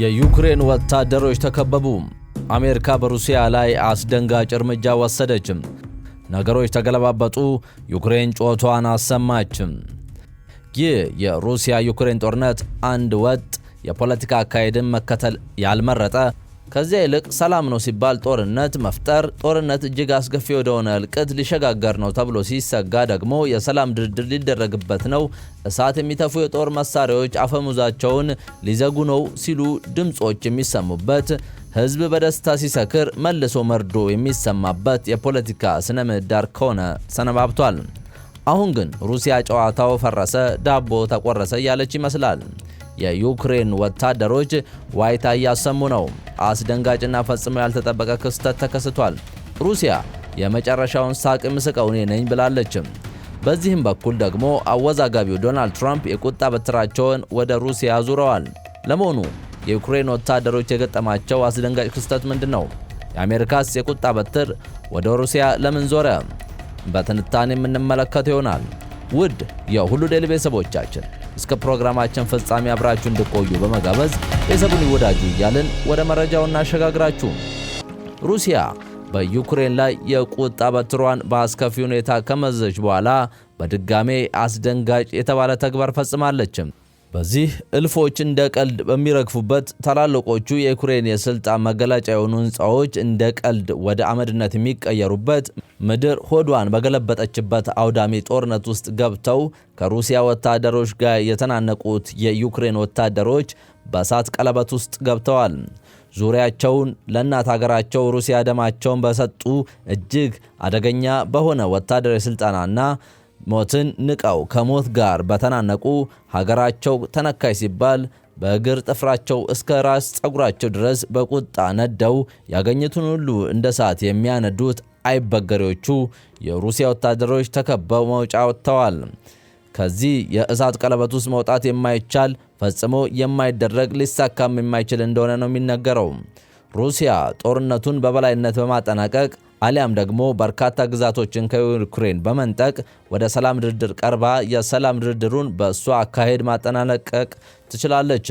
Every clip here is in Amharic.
የዩክሬን ወታደሮች ተከበቡ። አሜሪካ በሩሲያ ላይ አስደንጋጭ እርምጃ ወሰደች ነገሮች ተገለባበጡ። ዩክሬን ጮቷን አሰማችም። ይህ የሩሲያ ዩክሬን ጦርነት አንድ ወጥ የፖለቲካ አካሄድን መከተል ያልመረጠ ከዚያ ይልቅ ሰላም ነው ሲባል ጦርነት መፍጠር፣ ጦርነት እጅግ አስከፊ ወደሆነ እልቅት ሊሸጋገር ነው ተብሎ ሲሰጋ ደግሞ የሰላም ድርድር ሊደረግበት ነው፣ እሳት የሚተፉ የጦር መሳሪያዎች አፈሙዛቸውን ሊዘጉ ነው ሲሉ ድምፆች የሚሰሙበት ሕዝብ በደስታ ሲሰክር መልሶ መርዶ የሚሰማበት የፖለቲካ ስነ ምህዳር ከሆነ ሰነባብቷል። አሁን ግን ሩሲያ ጨዋታው ፈረሰ፣ ዳቦ ተቆረሰ እያለች ይመስላል። የዩክሬን ወታደሮች ዋይታ እያሰሙ ነው። አስደንጋጭና ፈጽሞ ያልተጠበቀ ክስተት ተከስቷል። ሩሲያ የመጨረሻውን ሳቅ ምስቀው እኔ ነኝ ብላለችም። በዚህም በኩል ደግሞ አወዛጋቢው ዶናልድ ትራምፕ የቁጣ በትራቸውን ወደ ሩሲያ ዙረዋል። ለመሆኑ የዩክሬን ወታደሮች የገጠማቸው አስደንጋጭ ክስተት ምንድን ነው? የአሜሪካስ የቁጣ በትር ወደ ሩሲያ ለምን ዞረ? በትንታኔ የምንመለከተው ይሆናል። ውድ የሁሉ ዴይሊ ቤተሰቦቻችን እስከ ፕሮግራማችን ፍጻሜ አብራችሁ እንድቆዩ በመጋበዝ ቤተሰቡን ይወዳጁ እያልን ወደ መረጃው እናሸጋግራችሁ። ሩሲያ በዩክሬን ላይ የቁጣ በትሯን በአስከፊ ሁኔታ ከመዘች በኋላ በድጋሜ አስደንጋጭ የተባለ ተግባር ፈጽማለችም። በዚህ እልፎች እንደ ቀልድ በሚረግፉበት ታላላቆቹ የዩክሬን የስልጣን መገለጫ የሆኑ ህንፃዎች እንደ ቀልድ ወደ አመድነት የሚቀየሩበት ምድር ሆዷን በገለበጠችበት አውዳሚ ጦርነት ውስጥ ገብተው ከሩሲያ ወታደሮች ጋር የተናነቁት የዩክሬን ወታደሮች በእሳት ቀለበት ውስጥ ገብተዋል። ዙሪያቸውን ለእናት ሀገራቸው ሩሲያ ደማቸውን በሰጡ እጅግ አደገኛ በሆነ ወታደራዊ ስልጠናና ሞትን ንቀው ከሞት ጋር በተናነቁ ሀገራቸው ተነካይ ሲባል በእግር ጥፍራቸው እስከ ራስ ጸጉራቸው ድረስ በቁጣ ነደው ያገኙትን ሁሉ እንደ እሳት የሚያነዱት አይበገሬዎቹ የሩሲያ ወታደሮች ተከበው መውጫ ወጥተዋል። ከዚህ የእሳት ቀለበት ውስጥ መውጣት የማይቻል ፈጽሞ የማይደረግ ሊሳካም የማይችል እንደሆነ ነው የሚነገረው። ሩሲያ ጦርነቱን በበላይነት በማጠናቀቅ አሊያም ደግሞ በርካታ ግዛቶችን ከዩክሬን በመንጠቅ ወደ ሰላም ድርድር ቀርባ የሰላም ድርድሩን በእሷ አካሄድ ማጠናቀቅ ትችላለች።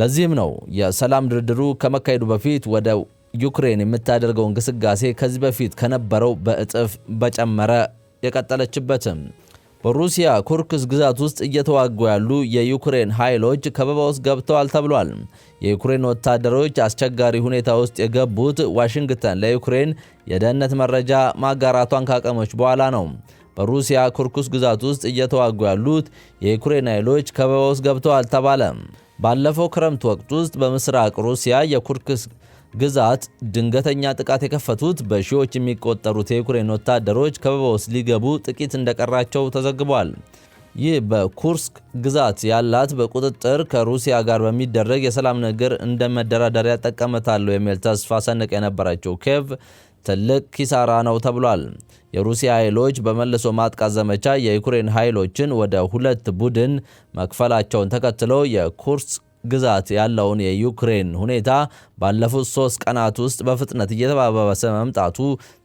ለዚህም ነው የሰላም ድርድሩ ከመካሄዱ በፊት ወደ ዩክሬን የምታደርገው ግስጋሴ ከዚህ በፊት ከነበረው በእጥፍ በጨመረ የቀጠለችበትም በሩሲያ ኩርክስ ግዛት ውስጥ እየተዋጉ ያሉ የዩክሬን ኃይሎች ከበባ ውስጥ ገብተዋል ተብሏል። የዩክሬን ወታደሮች አስቸጋሪ ሁኔታ ውስጥ የገቡት ዋሽንግተን ለዩክሬን የደህንነት መረጃ ማጋራቷን ካቀመች በኋላ ነው። በሩሲያ ኩርኩስ ግዛት ውስጥ እየተዋጉ ያሉት የዩክሬን ኃይሎች ከበባ ውስጥ ገብተዋል ተባለ። ባለፈው ክረምት ወቅት ውስጥ በምስራቅ ሩሲያ የኩርክስ ግዛት ድንገተኛ ጥቃት የከፈቱት በሺዎች የሚቆጠሩት የዩክሬን ወታደሮች ከበባ ውስጥ ሊገቡ ጥቂት እንደቀራቸው ተዘግቧል። ይህ በኩርስክ ግዛት ያላት በቁጥጥር ከሩሲያ ጋር በሚደረግ የሰላም ነገር እንደ መደራደሪያ ጠቀመታለሁ የሚል ተስፋ ሰንቃ የነበረችው ኬቭ ትልቅ ኪሳራ ነው ተብሏል። የሩሲያ ኃይሎች በመልሶ ማጥቃት ዘመቻ የዩክሬን ኃይሎችን ወደ ሁለት ቡድን መክፈላቸውን ተከትሎ የኩርስ ግዛት ያለውን የዩክሬን ሁኔታ ባለፉት ሶስት ቀናት ውስጥ በፍጥነት እየተባባሰ መምጣቱ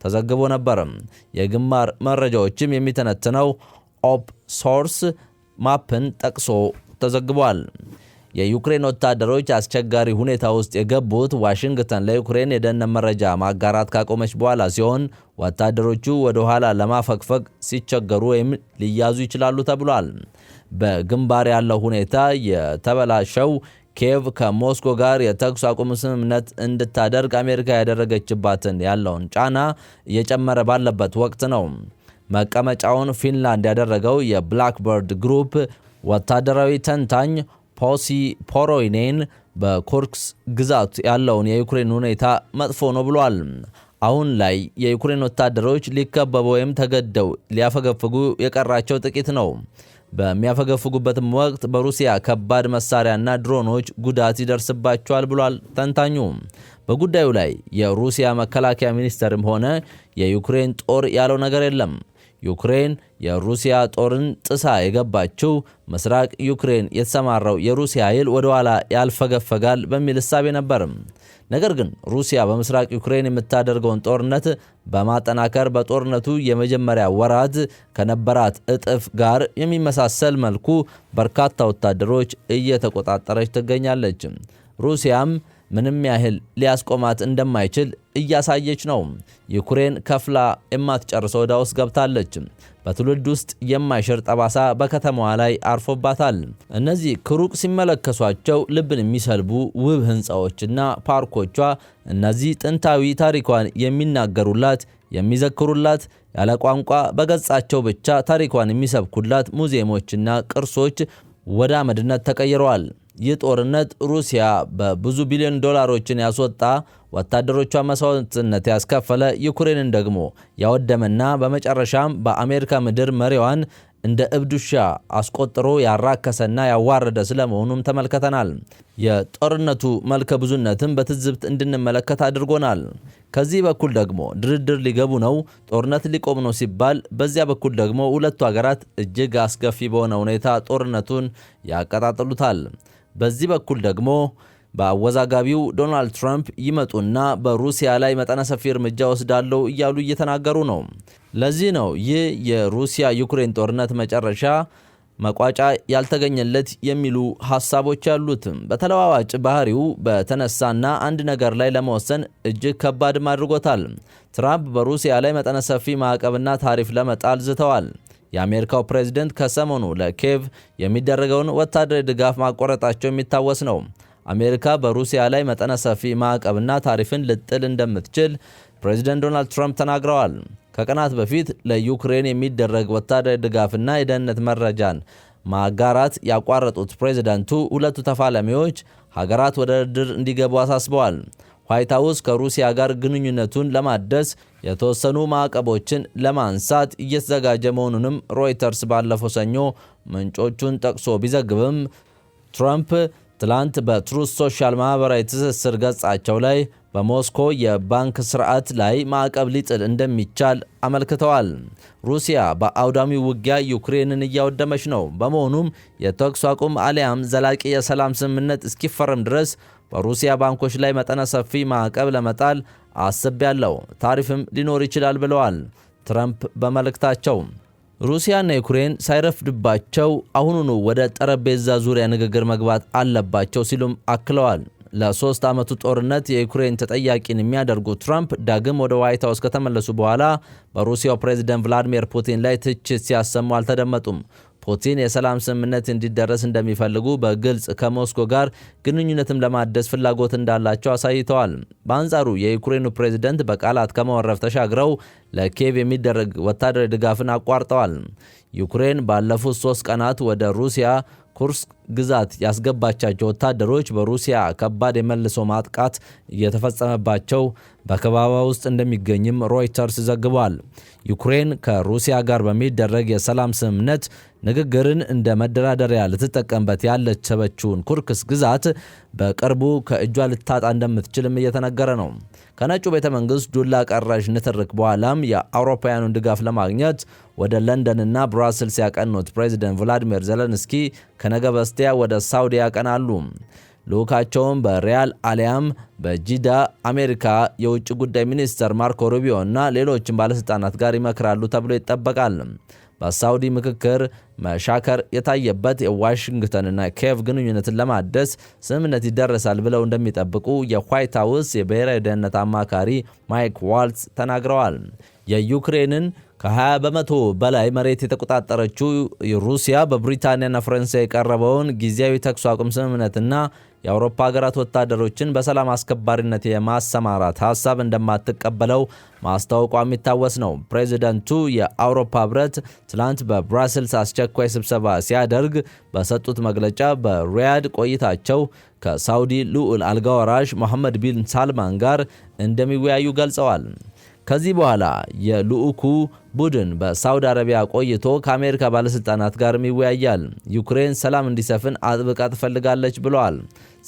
ተዘግቦ ነበርም። የግንባር መረጃዎችም የሚተነትነው ኦፕ ሶርስ ማፕን ጠቅሶ ተዘግቧል። የዩክሬን ወታደሮች አስቸጋሪ ሁኔታ ውስጥ የገቡት ዋሽንግተን ለዩክሬን የደህንነት መረጃ ማጋራት ካቆመች በኋላ ሲሆን ወታደሮቹ ወደ ኋላ ለማፈግፈግ ሲቸገሩ ወይም ሊያዙ ይችላሉ ተብሏል። በግንባር ያለው ሁኔታ የተበላሸው ኬቭ ከሞስኮ ጋር የተኩስ አቁም ስምምነት እንድታደርግ አሜሪካ ያደረገችባትን ያለውን ጫና እየጨመረ ባለበት ወቅት ነው። መቀመጫውን ፊንላንድ ያደረገው የብላክበርድ ግሩፕ ወታደራዊ ተንታኝ ፖሲ ፖሮይኔን በኩርስክ ግዛት ያለውን የዩክሬን ሁኔታ መጥፎ ነው ብሏል። አሁን ላይ የዩክሬን ወታደሮች ሊከበቡ ወይም ተገደው ሊያፈገፍጉ የቀራቸው ጥቂት ነው። በሚያፈገፍጉበትም ወቅት በሩሲያ ከባድ መሳሪያና ድሮኖች ጉዳት ይደርስባቸዋል ብሏል ተንታኙ። በጉዳዩ ላይ የሩሲያ መከላከያ ሚኒስቴርም ሆነ የዩክሬን ጦር ያለው ነገር የለም። ዩክሬን የሩሲያ ጦርን ጥሳ የገባችው ምስራቅ ዩክሬን የተሰማራው የሩሲያ ኃይል ወደ ኋላ ያልፈገፈጋል በሚል እሳቤ ነበርም። ነገር ግን ሩሲያ በምስራቅ ዩክሬን የምታደርገውን ጦርነት በማጠናከር በጦርነቱ የመጀመሪያ ወራት ከነበራት እጥፍ ጋር የሚመሳሰል መልኩ በርካታ ወታደሮች እየተቆጣጠረች ትገኛለች። ሩሲያም ምንም ያህል ሊያስቆማት እንደማይችል እያሳየች ነው። ዩክሬን ከፍላ የማትጨርስ ወዳ ውስጥ ገብታለች። በትውልድ ውስጥ የማይሽር ጠባሳ በከተማዋ ላይ አርፎባታል። እነዚህ ከሩቅ ሲመለከሷቸው ልብን የሚሰልቡ ውብ ሕንፃዎችና ፓርኮቿ፣ እነዚህ ጥንታዊ ታሪኳን የሚናገሩላት የሚዘክሩላት ያለ ቋንቋ በገጻቸው ብቻ ታሪኳን የሚሰብኩላት ሙዚየሞችና ቅርሶች ወደ አመድነት ተቀይረዋል። ይህ ጦርነት ሩሲያ በብዙ ቢሊዮን ዶላሮችን ያስወጣ ወታደሮቿ መስዋዕትነት ያስከፈለ ዩክሬንን ደግሞ ያወደመና በመጨረሻም በአሜሪካ ምድር መሪዋን እንደ እብድ ውሻ አስቆጥሮ ያራከሰና ያዋረደ ስለመሆኑም ተመልከተናል። የጦርነቱ መልከ ብዙነትም በትዝብት እንድንመለከት አድርጎናል። ከዚህ በኩል ደግሞ ድርድር ሊገቡ ነው፣ ጦርነት ሊቆም ነው ሲባል፣ በዚያ በኩል ደግሞ ሁለቱ ሀገራት እጅግ አስከፊ በሆነ ሁኔታ ጦርነቱን ያቀጣጥሉታል። በዚህ በኩል ደግሞ በአወዛጋቢው ዶናልድ ትራምፕ ይመጡና በሩሲያ ላይ መጠነ ሰፊ እርምጃ ወስዳለው እያሉ እየተናገሩ ነው። ለዚህ ነው ይህ የሩሲያ ዩክሬን ጦርነት መጨረሻ መቋጫ ያልተገኘለት የሚሉ ሀሳቦች ያሉት። በተለዋዋጭ ባህሪው በተነሳና አንድ ነገር ላይ ለመወሰን እጅግ ከባድም አድርጎታል። ትራምፕ በሩሲያ ላይ መጠነ ሰፊ ማዕቀብና ታሪፍ ለመጣል ዝተዋል። የአሜሪካው ፕሬዚደንት ከሰሞኑ ለኬቭ የሚደረገውን ወታደራዊ ድጋፍ ማቋረጣቸው የሚታወስ ነው። አሜሪካ በሩሲያ ላይ መጠነ ሰፊ ማዕቀብና ታሪፍን ልጥል እንደምትችል ፕሬዚደንት ዶናልድ ትራምፕ ተናግረዋል። ከቀናት በፊት ለዩክሬን የሚደረግ ወታደራዊ ድጋፍና የደህንነት መረጃን ማጋራት ያቋረጡት ፕሬዝደንቱ ሁለቱ ተፋላሚዎች ሀገራት ወደ ድርድር እንዲገቡ አሳስበዋል። ዋይት ሀውስ ከሩሲያ ጋር ግንኙነቱን ለማደስ የተወሰኑ ማዕቀቦችን ለማንሳት እየተዘጋጀ መሆኑንም ሮይተርስ ባለፈው ሰኞ ምንጮቹን ጠቅሶ ቢዘግብም ትራምፕ ትላንት በትሩስ ሶሻል ማኅበራዊ ትስስር ገጻቸው ላይ በሞስኮ የባንክ ስርዓት ላይ ማዕቀብ ሊጥል እንደሚቻል አመልክተዋል። ሩሲያ በአውዳሚ ውጊያ ዩክሬንን እያወደመች ነው። በመሆኑም የተኩስ አቁም አሊያም ዘላቂ የሰላም ስምምነት እስኪፈረም ድረስ በሩሲያ ባንኮች ላይ መጠነ ሰፊ ማዕቀብ ለመጣል አስቤያለሁ፣ ታሪፍም ሊኖር ይችላል ብለዋል ትራምፕ በመልእክታቸው። ሩሲያና ዩክሬን ሳይረፍድባቸው አሁኑኑ ወደ ጠረጴዛ ዙሪያ ንግግር መግባት አለባቸው ሲሉም አክለዋል። ለሶስት ዓመቱ ጦርነት የዩክሬን ተጠያቂን የሚያደርጉ ትራምፕ ዳግም ወደ ዋይት ሀውስ ከተመለሱ በኋላ በሩሲያው ፕሬዝደንት ቭላዲሚር ፑቲን ላይ ትችት ሲያሰሙ አልተደመጡም። ፑቲን የሰላም ስምምነት እንዲደረስ እንደሚፈልጉ በግልጽ ከሞስኮ ጋር ግንኙነትም ለማደስ ፍላጎት እንዳላቸው አሳይተዋል። በአንጻሩ የዩክሬኑ ፕሬዝደንት በቃላት ከመወረፍ ተሻግረው ለኪየቭ የሚደረግ ወታደራዊ ድጋፍን አቋርጠዋል። ዩክሬን ባለፉት ሶስት ቀናት ወደ ሩሲያ ኩርስክ ግዛት ያስገባቻቸው ወታደሮች በሩሲያ ከባድ የመልሶ ማጥቃት እየተፈጸመባቸው በከባባ ውስጥ እንደሚገኝም ሮይተርስ ዘግቧል። ዩክሬን ከሩሲያ ጋር በሚደረግ የሰላም ስምምነት ንግግርን እንደ መደራደሪያ ልትጠቀምበት ያለችበችውን ኩርክስ ግዛት በቅርቡ ከእጇ ልታጣ እንደምትችልም እየተነገረ ነው። ከነጩ ቤተ መንግሥት ዱላ ቀራሽ ንትርክ በኋላም የአውሮፓውያኑን ድጋፍ ለማግኘት ወደ ለንደንና ብራስልስ ያቀኑት ፕሬዚደንት ቮላዲሚር ዘለንስኪ ከነገ በስቲ በስቲያ ወደ ሳውዲ ያቀናሉ። ልዑካቸውም በሪያል አሊያም በጂዳ አሜሪካ የውጭ ጉዳይ ሚኒስትር ማርኮ ሩቢዮ እና ሌሎችም ባለሥልጣናት ጋር ይመክራሉ ተብሎ ይጠበቃል። በሳውዲ ምክክር መሻከር የታየበት የዋሽንግተንና ኬቭ ግንኙነትን ለማደስ ስምምነት ይደረሳል ብለው እንደሚጠብቁ የዋይት ሀውስ የብሔራዊ ደህንነት አማካሪ ማይክ ዋልትስ ተናግረዋል። የዩክሬንን ከ20 በመቶ በላይ መሬት የተቆጣጠረችው ሩሲያ በብሪታንያና ፈረንሳይ የቀረበውን ጊዜያዊ ተኩስ አቁም ስምምነትና የአውሮፓ ሀገራት ወታደሮችን በሰላም አስከባሪነት የማሰማራት ሀሳብ እንደማትቀበለው ማስታወቋ የሚታወስ ነው። ፕሬዚደንቱ የአውሮፓ ህብረት ትላንት በብራስልስ አስቸኳይ ስብሰባ ሲያደርግ በሰጡት መግለጫ በሪያድ ቆይታቸው ከሳውዲ ልዑል አልጋወራሽ መሐመድ ቢን ሳልማን ጋር እንደሚወያዩ ገልጸዋል። ከዚህ በኋላ የልዑኩ ቡድን በሳውዲ አረቢያ ቆይቶ ከአሜሪካ ባለሥልጣናት ጋርም ይወያያል። ዩክሬን ሰላም እንዲሰፍን አጥብቃ ትፈልጋለች ብለዋል።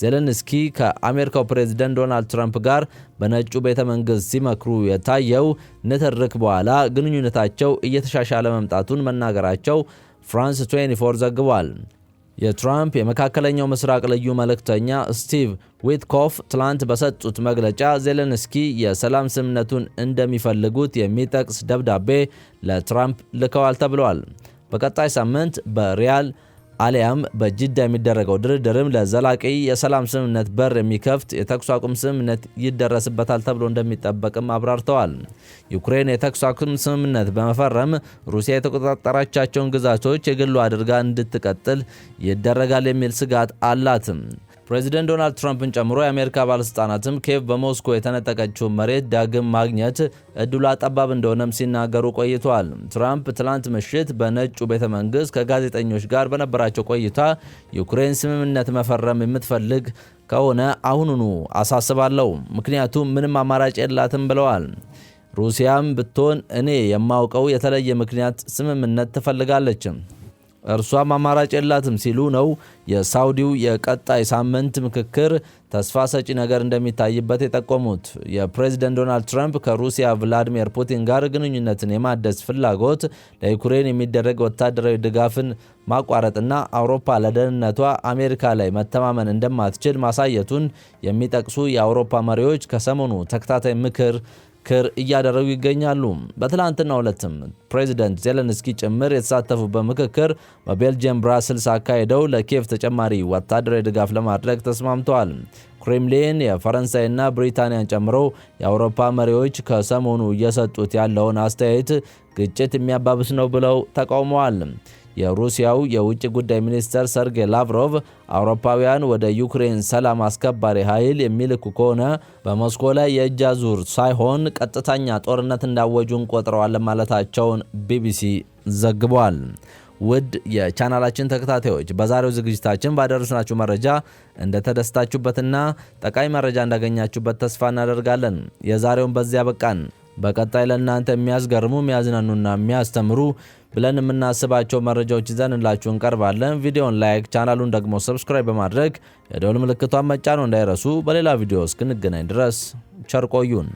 ዜሌንስኪ ከአሜሪካው ፕሬዝደንት ዶናልድ ትራምፕ ጋር በነጩ ቤተ መንግሥት ሲመክሩ የታየው ንትርክ በኋላ ግንኙነታቸው እየተሻሻለ መምጣቱን መናገራቸው ፍራንስ 24 ዘግቧል። የትራምፕ የመካከለኛው ምስራቅ ልዩ መልእክተኛ ስቲቭ ዊትኮፍ ትላንት በሰጡት መግለጫ ዜሌንስኪ የሰላም ስምምነቱን እንደሚፈልጉት የሚጠቅስ ደብዳቤ ለትራምፕ ልከዋል ተብሏል። በቀጣይ ሳምንት በሪያል አሊያም በጅዳ የሚደረገው ድርድርም ለዘላቂ የሰላም ስምምነት በር የሚከፍት የተኩስ አቁም ስምምነት ይደረስበታል ተብሎ እንደሚጠበቅም አብራርተዋል። ዩክሬን የተኩስ አቁም ስምምነት በመፈረም ሩሲያ የተቆጣጠራቻቸውን ግዛቶች የግሉ አድርጋ እንድትቀጥል ይደረጋል የሚል ስጋት አላትም። ፕሬዚደንት ዶናልድ ትራምፕን ጨምሮ የአሜሪካ ባለሥልጣናትም ኬቭ በሞስኮ የተነጠቀችውን መሬት ዳግም ማግኘት እድሉ ጠባብ እንደሆነም ሲናገሩ ቆይተዋል። ትራምፕ ትላንት ምሽት በነጩ ቤተ መንግሥት ከጋዜጠኞች ጋር በነበራቸው ቆይታ ዩክሬን ስምምነት መፈረም የምትፈልግ ከሆነ አሁኑኑ አሳስባለሁ፣ ምክንያቱም ምንም አማራጭ የላትም ብለዋል። ሩሲያም ብትሆን እኔ የማውቀው የተለየ ምክንያት ስምምነት ትፈልጋለች እርሷም አማራጭ የላትም ሲሉ ነው የሳውዲው የቀጣይ ሳምንት ምክክር ተስፋ ሰጪ ነገር እንደሚታይበት የጠቆሙት። የፕሬዚደንት ዶናልድ ትራምፕ ከሩሲያ ቭላዲሚር ፑቲን ጋር ግንኙነትን የማደስ ፍላጎት ለዩክሬን የሚደረግ ወታደራዊ ድጋፍን ማቋረጥና አውሮፓ ለደህንነቷ አሜሪካ ላይ መተማመን እንደማትችል ማሳየቱን የሚጠቅሱ የአውሮፓ መሪዎች ከሰሞኑ ተከታታይ ምክር ክር እያደረጉ ይገኛሉ። በትላንትና ሁለትም ፕሬዚደንት ዜለንስኪ ጭምር የተሳተፉበት ምክክር በቤልጅየም ብራስልስ አካሄደው ለኪየቭ ተጨማሪ ወታደራዊ ድጋፍ ለማድረግ ተስማምተዋል። ክሬምሊን የፈረንሳይና ብሪታንያን ጨምሮ የአውሮፓ መሪዎች ከሰሞኑ እየሰጡት ያለውን አስተያየት ግጭት የሚያባብስ ነው ብለው ተቃውመዋል። የሩሲያው የውጭ ጉዳይ ሚኒስትር ሰርጌይ ላቭሮቭ አውሮፓውያን ወደ ዩክሬን ሰላም አስከባሪ ኃይል የሚልኩ ከሆነ በሞስኮ ላይ የእጅ አዙር ሳይሆን ቀጥተኛ ጦርነት እንዳወጁ እንቆጥረዋለን ማለታቸውን ቢቢሲ ዘግቧል። ውድ የቻናላችን ተከታታዮች በዛሬው ዝግጅታችን ባደረስናችሁ መረጃ እንደተደስታችሁበትና ጠቃሚ መረጃ እንዳገኛችሁበት ተስፋ እናደርጋለን። የዛሬውን በዚያ በቃን። በቀጣይ ለእናንተ የሚያስገርሙ የሚያዝናኑና የሚያስተምሩ ብለን የምናስባቸው መረጃዎች እንላችሁ እንቀርባለን። ቪዲዮን ላይክ፣ ቻናሉን ደግሞ ሰብስክራይብ በማድረግ የደወል ምልክቷን መጫኑ እንዳይረሱ። በሌላ ቪዲዮ እስክንገናኝ ድረስ ቸር ቆዩን።